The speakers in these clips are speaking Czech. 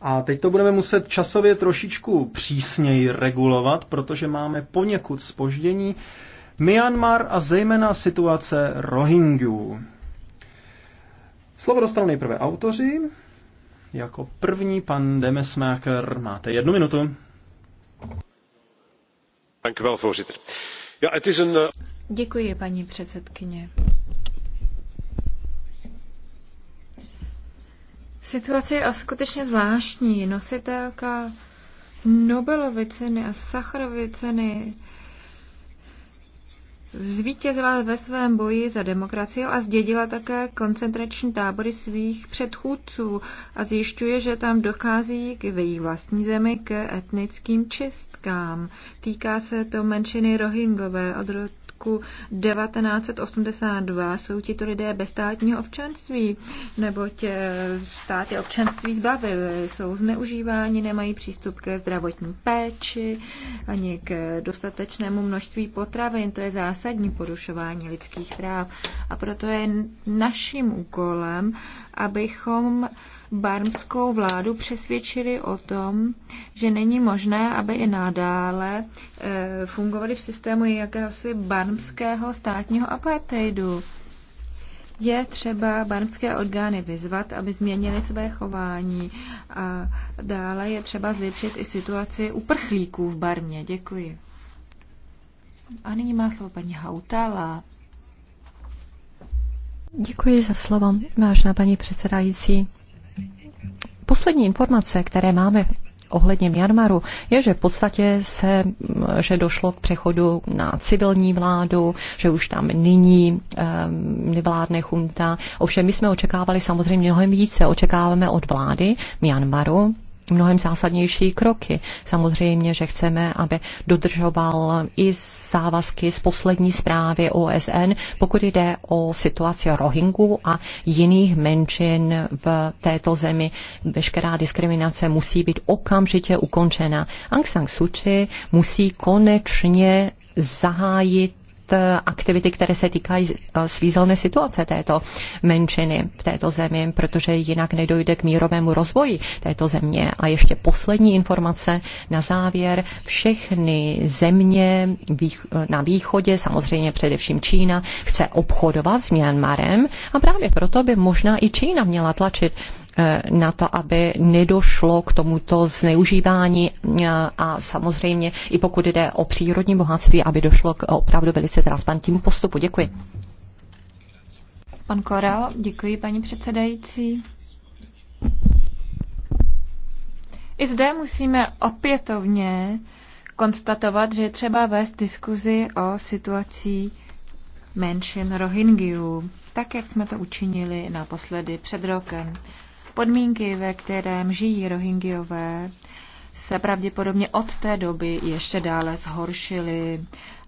A teď to budeme muset časově trošičku přísněji regulovat, protože máme poněkud spoždění. Myanmar a zejména situace Rohingyů. Slovo dostanou nejprve autoři. Jako první pan Demesmaker. Máte jednu minutu. Eh, Děkuji, paní předsedkyně. Situace je skutečně zvláštní. Nositelka Nobelovy ceny a Sacharovy ceny zvítězila ve svém boji za demokracii a zdědila také koncentrační tábory svých předchůdců a zjišťuje, že tam dochází k ve její vlastní zemi k etnickým čistkám. Týká se to menšiny Rohingové od roku roku 1982 jsou tito lidé bez státního občanství, nebo tě eh, státy občanství zbavili, jsou zneužíváni, nemají přístup ke zdravotní péči ani k dostatečnému množství potravin. To je zásadní porušování lidských práv. A proto je naším úkolem, abychom barmskou vládu přesvědčili o tom, že není možné, aby i nadále e, fungovali v systému jakéhosi barmského státního apartheidu. Je třeba barmské orgány vyzvat, aby změnili své chování a dále je třeba zlepšit i situaci uprchlíků v Barmě. Děkuji. A nyní má slovo paní Hautala. Děkuji za slovo, vážná paní předsedající. Poslední informace, které máme ohledně Myanmaru je, že v podstatě se, že došlo k přechodu na civilní vládu, že už tam nyní um, nevládne chunta. Ovšem my jsme očekávali samozřejmě mnohem více. Očekáváme od vlády Myanmaru mnohem zásadnější kroky. Samozřejmě, že chceme, aby dodržoval i závazky z poslední zprávy OSN, pokud jde o situaci Rohingů a jiných menšin v této zemi. Veškerá diskriminace musí být okamžitě ukončena. Aung San Suu Kyi musí konečně zahájit Eh, aktivity, které se týkají eh, svízelné situace této menšiny v této zemi, protože jinak nedojde k mírovému rozvoji této země. A ještě poslední informace na závěr. Všechny země na východě, samozřejmě především Čína, chce obchodovat s Myanmarem a právě proto by možná i Čína měla tlačit Eh, na to, aby nedošlo k tomuto zneužívání eh, a samozřejmě i pokud jde o přírodní bohatství, aby došlo k opravdu velice transparentnímu postupu. Děkuji. Pan Korao, děkuji paní předsedající. I zde musíme opětovně konstatovat, že je třeba vést diskuzi o situací menšin Rohingyů, tak jak jsme to učinili naposledy před rokem. Podmínky, ve kterém žijí Rohingyové, se pravděpodobně od té doby ještě dále zhoršily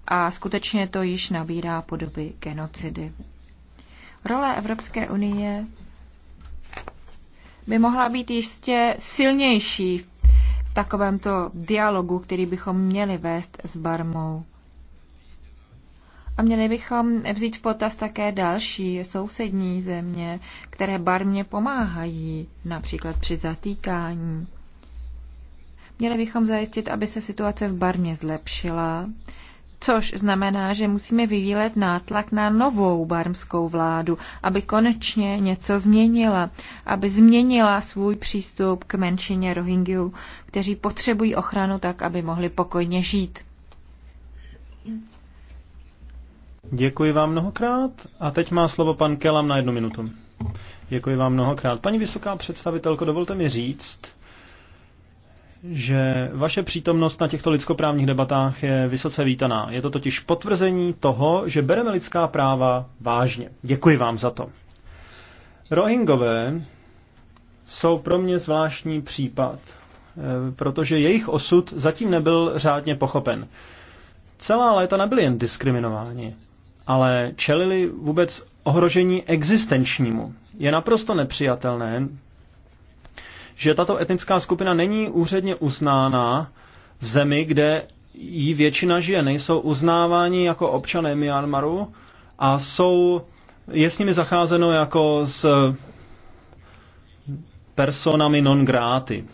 a skutečně to již nabírá podoby genocidy. Role Evropské unie by mohla být jistě silnější v takovémto dialogu, který bychom měli vést s Barmou. A měli bychom vzít v potaz také další sousední země, které barmě pomáhají, například při zatýkání. Měli bychom zajistit, aby se situace v barmě zlepšila, což znamená, že musíme vyvílet nátlak na novou barmskou vládu, aby konečně něco změnila, aby změnila svůj přístup k menšině Rohingyů, kteří potřebují ochranu tak, aby mohli pokojně žít. Děkuji vám mnohokrát a teď má slovo pan Kelam na jednu minutu. Děkuji vám mnohokrát. Paní vysoká představitelko, dovolte mi říct, že vaše přítomnost na těchto lidskoprávních debatách je vysoce vítaná. Je to totiž potvrzení toho, že bereme lidská práva vážně. Děkuji vám za to. Rohingové jsou pro mě zvláštní případ, eh, protože jejich osud zatím nebyl řádně pochopen. Celá léta nebyli jen diskriminováni, ale čelili vůbec ohrožení existenčnímu. Je naprosto nepřijatelné, že tato etnická skupina není úředně uznána v zemi, kde jí většina žije. Nejsou uznáváni jako občané Myanmaru a jsou, je s nimi zacházeno jako s personami non gráty.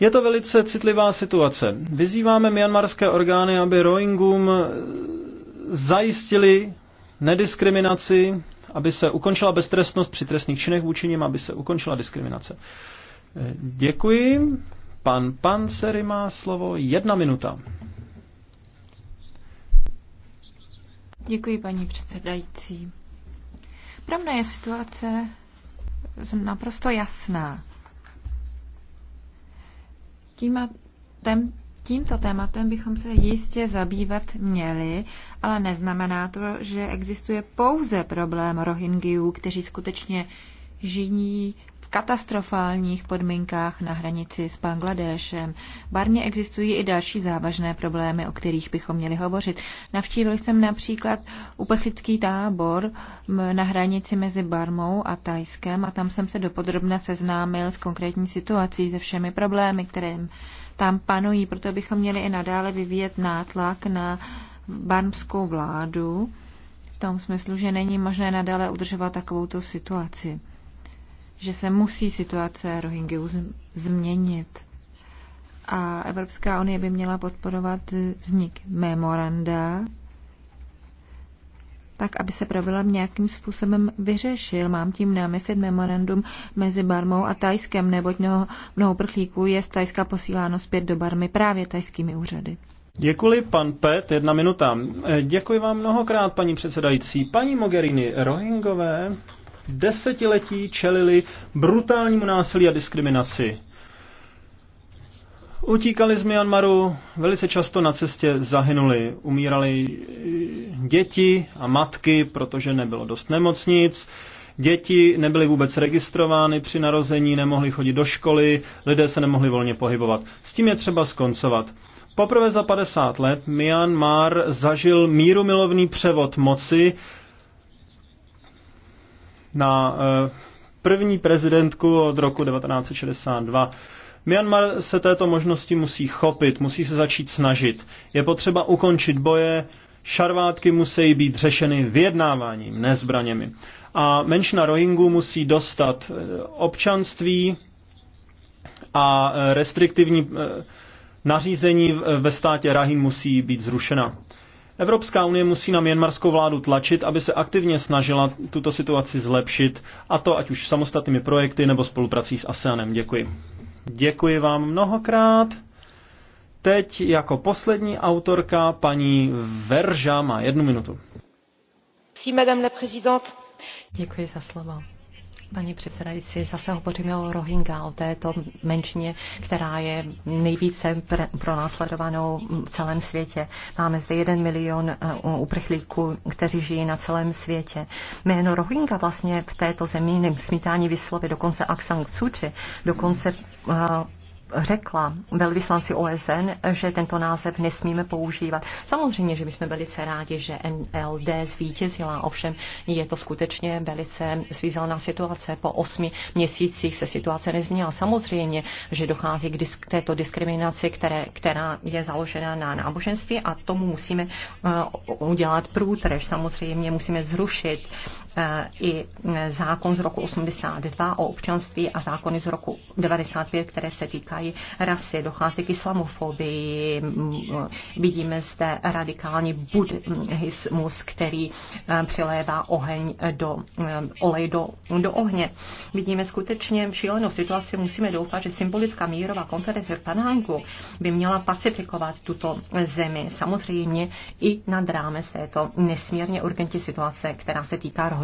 Je to velice citlivá situace. Vyzýváme myanmarské orgány, aby Rohingům eh, zajistili nediskriminaci, aby se ukončila beztrestnost při trestných činech vůči nim, aby se ukončila diskriminace. Eh, děkuji. Pan Panceri má slovo. Jedna minuta. Děkuji, paní předsedající. Pro mě je situace naprosto jasná. Tím, tém, tímto tématem bychom se jistě zabývat měli, ale neznamená to, že existuje pouze problém Rohingyů, kteří skutečně žijí katastrofálních podmínkách na hranici s Bangladéšem. Barně existují i další závažné problémy, o kterých bychom měli hovořit. Navštívil jsem například uprchlický tábor na hranici mezi Barmou a Tajskem a tam jsem se dopodrobna seznámil s konkrétní situací, se všemi problémy, které tam panují. Proto bychom měli i nadále vyvíjet nátlak na barmskou vládu v tom smyslu, že není možné nadále udržovat takovouto situaci že se musí situace Rohingyů změnit. A Evropská unie by měla podporovat vznik memoranda, tak, aby se problém nějakým způsobem vyřešil. Mám tím na mysli memorandum mezi Barmou a Tajskem, neboť mnoho, mnoho prchlíků je z Tajska posíláno zpět do Barmy právě tajskými úřady. Děkuji, pan Pet, jedna minuta. Děkuji vám mnohokrát, paní předsedající. Paní Mogherini, Rohingové desetiletí čelili brutálnímu násilí a diskriminaci. Utíkali z Myanmaru, velice často na cestě zahynuli, umírali děti a matky, protože nebylo dost nemocnic, děti nebyly vůbec registrovány při narození, nemohli chodit do školy, lidé se nemohli volně pohybovat. S tím je třeba skoncovat. Poprvé za 50 let Myanmar zažil mírumilovný převod moci, na eh, první prezidentku od roku 1962. Myanmar se této možnosti musí chopit, musí se začít snažit. Je potřeba ukončit boje, šarvátky musí být řešeny vyjednáváním, ne zbraněmi. A menšina Rohingů musí dostat eh, občanství a eh, restriktivní nařízení ve státě Rahim musí být zrušena. Evropská unie musí na měnmarskou vládu tlačit, aby se aktivně snažila tuto situaci zlepšit, a to ať už samostatnými projekty nebo spoluprací s ASEANem. Děkuji. Děkuji vám mnohokrát. Teď jako poslední autorka paní Verža má jednu minutu. Děkuji za slovo. Paní předsedající, zase hovoříme o Rohingya, o této menšině, která je nejvíce pronásledovanou v celém světě. Máme zde jeden milion eh, uprchlíků, kteří žijí na celém světě. Jméno Rohingya vlastně v této zemi nesmítání vyslovit dokonce Aksang Suči, dokonce eh, řekla velvyslanci OSN, že tento název nesmíme používat. Samozřejmě, že bychom velice rádi, že NLD zvítězila, ovšem je to skutečně velice svízelná situace. Po osmi měsících se situace nezměnila. Samozřejmě, že dochází k disk- této diskriminaci, které, která je založena na náboženství a tomu musíme uh, udělat průtrež. Samozřejmě musíme zrušit i zákon z roku 82 o občanství a zákony z roku 95, které se týkají rasy. Dochází k islamofobii, vidíme zde radikální buddhismus, který eh, přilévá oheň do eh, olej do, do ohně. Vidíme skutečně šílenou situaci, musíme doufat, že symbolická mírová konference v Panánku by měla pacifikovat tuto zemi, samozřejmě i nad rámec této nesmírně urgentní situace, která se týká rohy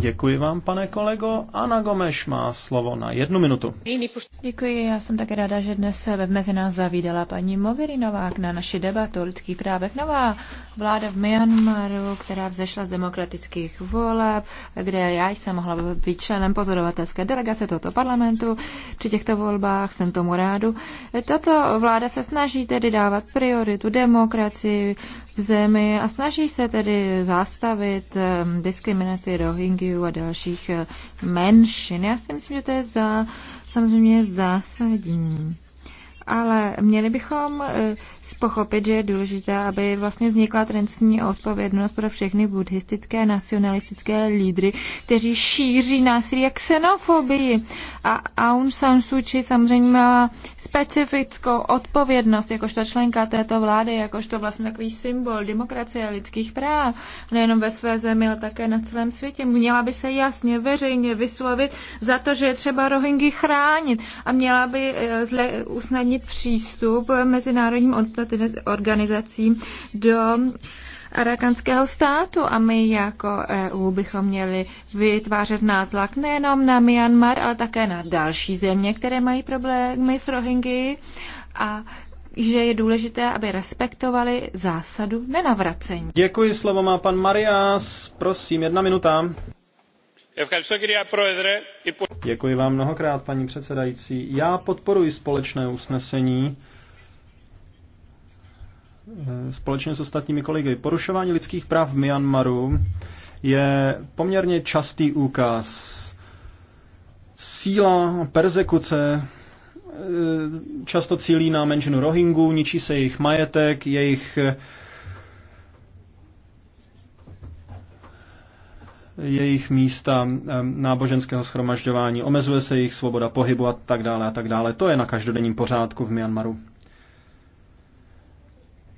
Děkuji vám, pane kolego. Ana Gomes má slovo na jednu minutu. Děkuji, já jsem také ráda, že dnes ve mezi nás zavídala paní Mogherinová na naši debatu o lidských právech. Nová vláda v Myanmaru, která vzešla z demokratických voleb, kde já jsem mohla být členem pozorovatelské delegace tohoto parlamentu. Při těchto volbách jsem tomu rádu. Tato vláda se snaží tedy dávat prioritu demokracii, v zemi a snaží se tedy zastavit ehm, diskriminaci Rohingyů a dalších eh, menšin. Já si myslím, že to je za, samozřejmě zásadní ale měli bychom eh, pochopit, že je důležité, aby vlastně vznikla trestní odpovědnost pro všechny buddhistické nacionalistické lídry, kteří šíří násilí a xenofobii. A Aung San Suu Kyi samozřejmě má specifickou odpovědnost, jakožto členka této vlády, jakožto vlastně takový symbol demokracie a lidských práv, nejenom ve své zemi, ale také na celém světě. Měla by se jasně, veřejně vyslovit za to, že je třeba Rohingy chránit a měla by eh, zle usnadnit přístup mezinárodním odstavům organizací do arakanského státu a my jako EU bychom měli vytvářet nátlak nejenom na Myanmar, ale také na další země, které mají problémy s Rohingy a že je důležité, aby respektovali zásadu nenavracení. Děkuji, slovo má pan Marias. Prosím, jedna minuta. Děkuji vám mnohokrát, paní předsedající. Já podporuji společné usnesení Eh, společně s ostatními kolegy. Porušování lidských práv v Myanmaru je poměrně častý úkaz. Síla persekuce eh, často cílí na menšinu Rohingů, ničí se jejich majetek, jejich jejich místa eh, náboženského schromažďování, omezuje se jejich svoboda pohybu a tak dále a tak dále. To je na každodenním pořádku v Myanmaru.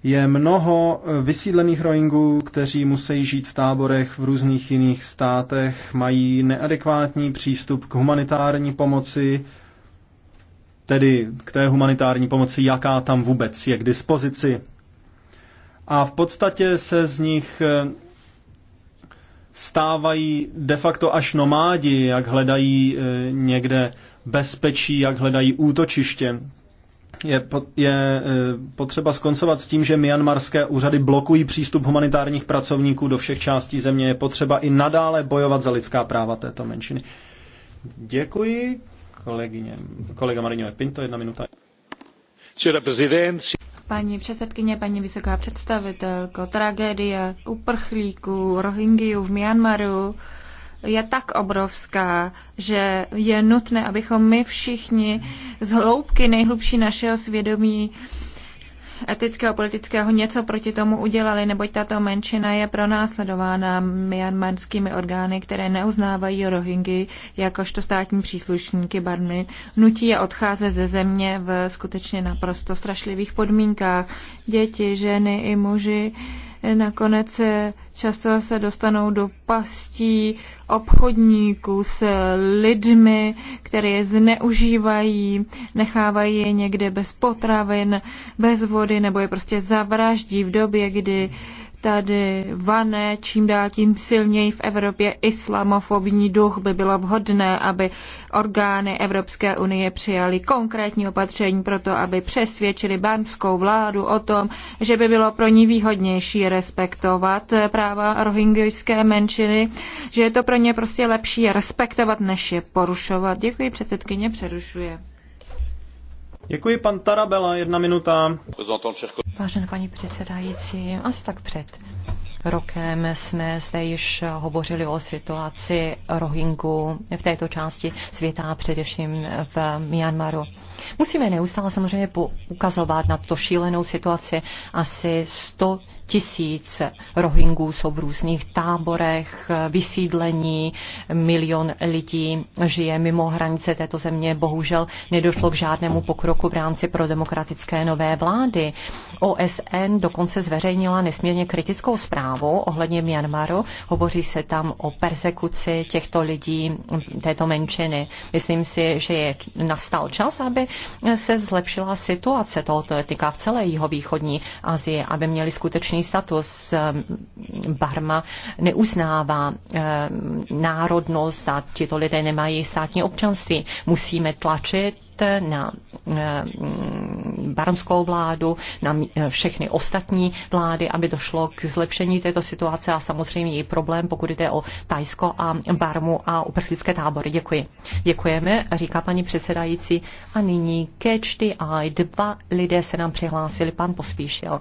Je mnoho eh, vysídlených Rohingů, kteří musí žít v táborech v různých jiných státech, mají neadekvátní přístup k humanitární pomoci, tedy k té humanitární pomoci, jaká tam vůbec je k dispozici. A v podstatě se z nich eh, stávají de facto až nomádi, jak hledají eh, někde bezpečí, jak hledají útočiště je, je eh, potřeba skoncovat s tím, že myanmarské úřady blokují přístup humanitárních pracovníků do všech částí země. Je potřeba i nadále bojovat za lidská práva této menšiny. Děkuji. Kolegyně, kolega Marino Pinto, jedna minuta. Paní předsedkyně, paní vysoká představitelko, tragédie uprchlíků, rohingyů v Myanmaru je tak obrovská, že je nutné, abychom my všichni z hloubky nejhlubší našeho svědomí etického, politického něco proti tomu udělali, neboť tato menšina je pronásledována myanmarskými orgány, které neuznávají Rohingy jakožto státní příslušníky Barmy. Nutí je odcházet ze země v skutečně naprosto strašlivých podmínkách. Děti, ženy i muži nakonec eh, často se dostanou do pastí obchodníků s lidmi, které je zneužívají, nechávají je někde bez potravin, bez vody nebo je prostě zavraždí v době, kdy uh, tady vané čím dál tím silněji v Evropě islamofobní duch, by bylo vhodné, aby orgány Evropské unie přijaly konkrétní opatření pro to, aby přesvědčili barmskou vládu o tom, že by bylo pro ní výhodnější respektovat práva rohingyjské menšiny, že je to pro ně prostě lepší respektovat, než je porušovat. Děkuji, předsedkyně přerušuje. Děkuji, pan Tarabela, jedna minuta. Vážená paní předsedající, asi tak před rokem jsme zde již hovořili o situaci Rohingu v této části světa, především v Myanmaru. Musíme neustále samozřejmě ukazovat na to šílenou situaci asi 100 tisíc rohingů jsou v různých táborech, vysídlení, milion lidí žije mimo hranice této země. Bohužel nedošlo k žádnému pokroku v rámci pro demokratické nové vlády. OSN dokonce zveřejnila nesmírně kritickou zprávu ohledně Myanmaru. Hovoří se tam o persekuci těchto lidí, této menšiny. Myslím si, že je nastal čas, aby se zlepšila situace tohoto etika v celé jihovýchodní Asii, aby měli skutečný status. Eh, Barma neuznává eh, národnost a tito lidé nemají státní občanství. Musíme tlačit na eh, barmskou vládu, na všechny ostatní vlády, aby došlo k zlepšení této situace a samozřejmě i problém, pokud jde o Tajsko a Barmu a uprchlické tábory. Děkuji. Děkujeme, říká paní předsedající. A nyní catch the eye. Dva lidé se nám přihlásili. Pan Pospíšil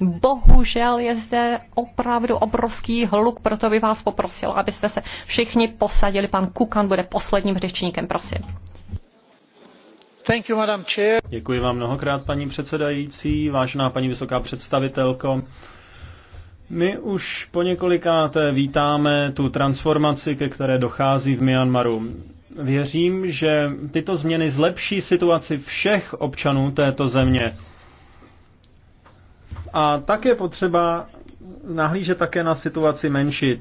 Bohužel je zde opravdu obrovský hluk, proto by vás poprosila, abyste se všichni posadili. Pan Kukan bude posledním řečníkem, prosím. Děkuji vám mnohokrát, paní předsedající, vážená paní vysoká představitelko. My už po několikáté vítáme tu transformaci, ke které dochází v Myanmaru. Věřím, že tyto změny zlepší situaci všech občanů této země a tak je potřeba nahlížet také na situaci menší.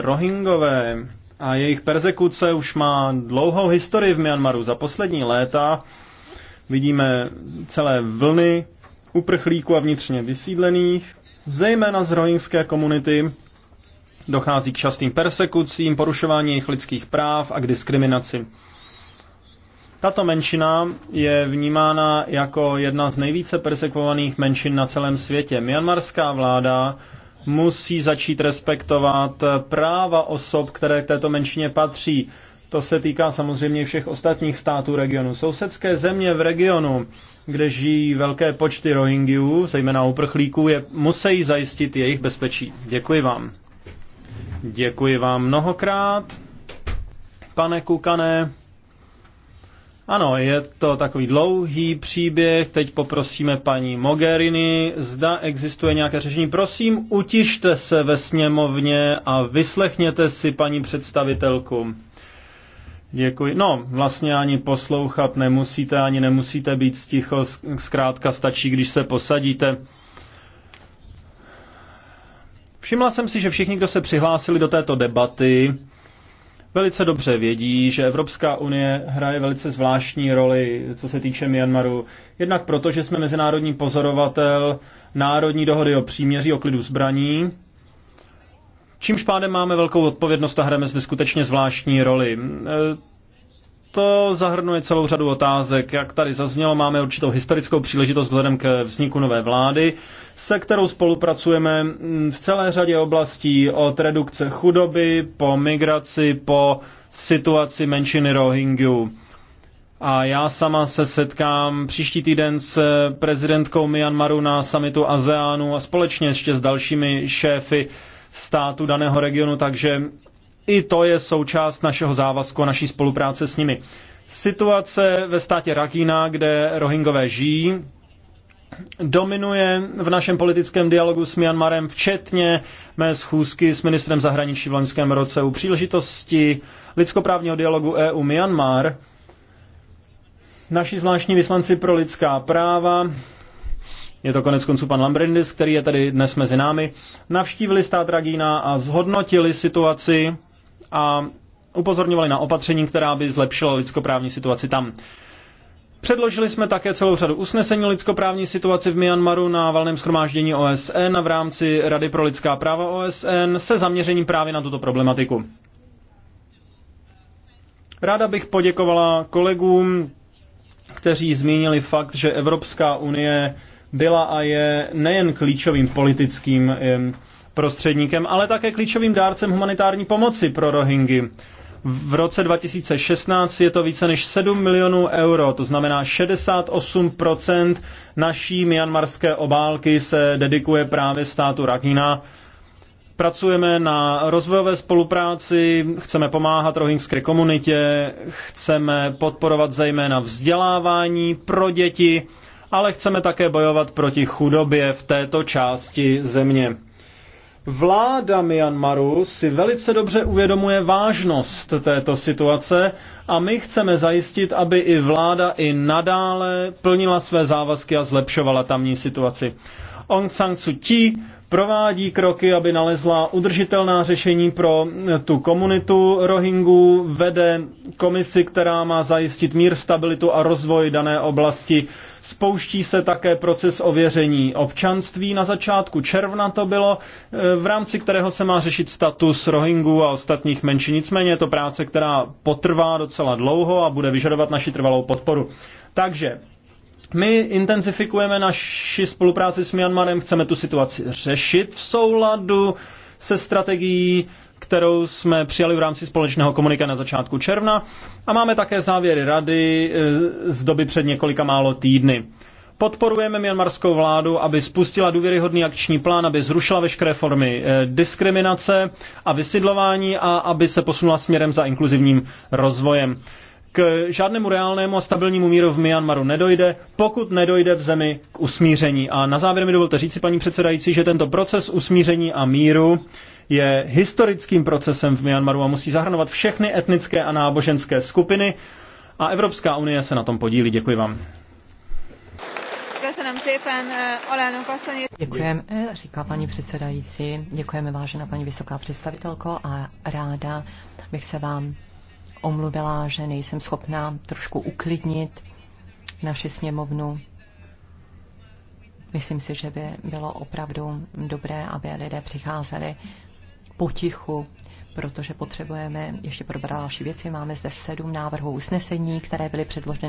Rohingové a jejich persekuce už má dlouhou historii v Myanmaru. Za poslední léta vidíme celé vlny uprchlíků a vnitřně vysídlených, zejména z rohingské komunity. Dochází k častým persekucím, porušování jejich lidských práv a k diskriminaci. Tato menšina je vnímána jako jedna z nejvíce persekvovaných menšin na celém světě. Myanmarská vláda musí začít respektovat práva osob, které k této menšině patří. To se týká samozřejmě všech ostatních států regionu. Sousedské země v regionu, kde žijí velké počty Rohingyů, zejména uprchlíků, je, musí zajistit jejich bezpečí. Děkuji vám. Děkuji vám mnohokrát, pane Kukane. Ano, je to takový dlouhý příběh. Teď poprosíme paní Mogherini, zda existuje nějaké řešení. Prosím, utište se ve sněmovně a vyslechněte si paní představitelku. Děkuji. No, vlastně ani poslouchat nemusíte, ani nemusíte být sticho, zkrátka stačí, když se posadíte. Všimla jsem si, že všichni, kdo se přihlásili do této debaty, velice dobře vědí, že Evropská unie hraje velice zvláštní roli, co se týče Myanmaru. Jednak proto, že jsme mezinárodní pozorovatel národní dohody o příměří, o klidu zbraní, Čímž pádem máme velkou odpovědnost a hrajeme zde skutečně zvláštní roli. To zahrnuje celou řadu otázek. Jak tady zaznělo, máme určitou historickou příležitost vzhledem k vzniku nové vlády, se kterou spolupracujeme v celé řadě oblastí od redukce chudoby po migraci, po situaci menšiny Rohingyů. A já sama se setkám příští týden s prezidentkou Myanmaru na samitu ASEANu a společně ještě s dalšími šéfy státu daného regionu, takže i to je součást našeho závazku a naší spolupráce s nimi. Situace ve státě Rakína, kde Rohingové žijí, dominuje v našem politickém dialogu s Myanmarem, včetně mé schůzky s ministrem zahraničí v loňském roce u příležitosti lidskoprávního dialogu EU-Myanmar. Naši zvláštní vyslanci pro lidská práva, je to konec konců pan Lambrindis, který je tady dnes mezi námi, navštívili stát Ragína a zhodnotili situaci a upozorňovali na opatření, která by zlepšila lidskoprávní situaci tam. Předložili jsme také celou řadu usnesení lidskoprávní situaci v Myanmaru na valném schromáždění OSN a v rámci Rady pro lidská práva OSN se zaměřením právě na tuto problematiku. Ráda bych poděkovala kolegům, kteří zmínili fakt, že Evropská unie byla a je nejen klíčovým politickým prostředníkem, ale také klíčovým dárcem humanitární pomoci pro Rohingy. V roce 2016 je to více než 7 milionů euro, to znamená 68% naší myanmarské obálky se dedikuje právě státu Rakina. Pracujeme na rozvojové spolupráci, chceme pomáhat rohingské komunitě, chceme podporovat zejména vzdělávání pro děti, ale chceme také bojovat proti chudobě v této části země. Vláda Myanmaru si velice dobře uvědomuje vážnost této situace a my chceme zajistit, aby i vláda i nadále plnila své závazky a zlepšovala tamní situaci. Aung San Suu Kyi provádí kroky, aby nalezla udržitelná řešení pro tu komunitu Rohingů, vede komisi, která má zajistit mír, stabilitu a rozvoj dané oblasti Spouští se také proces ověření občanství. Na začátku června to bylo, eh, v rámci kterého se má řešit status Rohingů a ostatních menšin. Nicméně je to práce, která potrvá docela dlouho a bude vyžadovat naši trvalou podporu. Takže my intenzifikujeme naši spolupráci s Myanmarem, chceme tu situaci řešit v souladu se strategií kterou jsme přijali v rámci společného komunika na začátku června a máme také závěry rady e, z doby před několika málo týdny. Podporujeme myanmarskou vládu, aby spustila důvěryhodný akční plán, aby zrušila veškeré formy e, diskriminace a vysidlování a aby se posunula směrem za inkluzivním rozvojem. K žádnému reálnému a stabilnímu míru v Myanmaru nedojde, pokud nedojde v zemi k usmíření. A na závěr mi dovolte říci, paní předsedající, že tento proces usmíření a míru je historickým procesem v Myanmaru a musí zahrnovat všechny etnické a náboženské skupiny a Evropská unie se na tom podílí. Děkuji vám. Eh, Děkujeme, eh, říká paní předsedající. Děkujeme, vážená paní vysoká představitelko, a ráda bych se vám omluvila, že nejsem schopná trošku uklidnit naši sněmovnu. Myslím si, že by bylo opravdu dobré, aby lidé přicházeli potichu, protože potřebujeme ještě probrat další věci. Máme zde sedm návrhů usnesení, které byly předloženy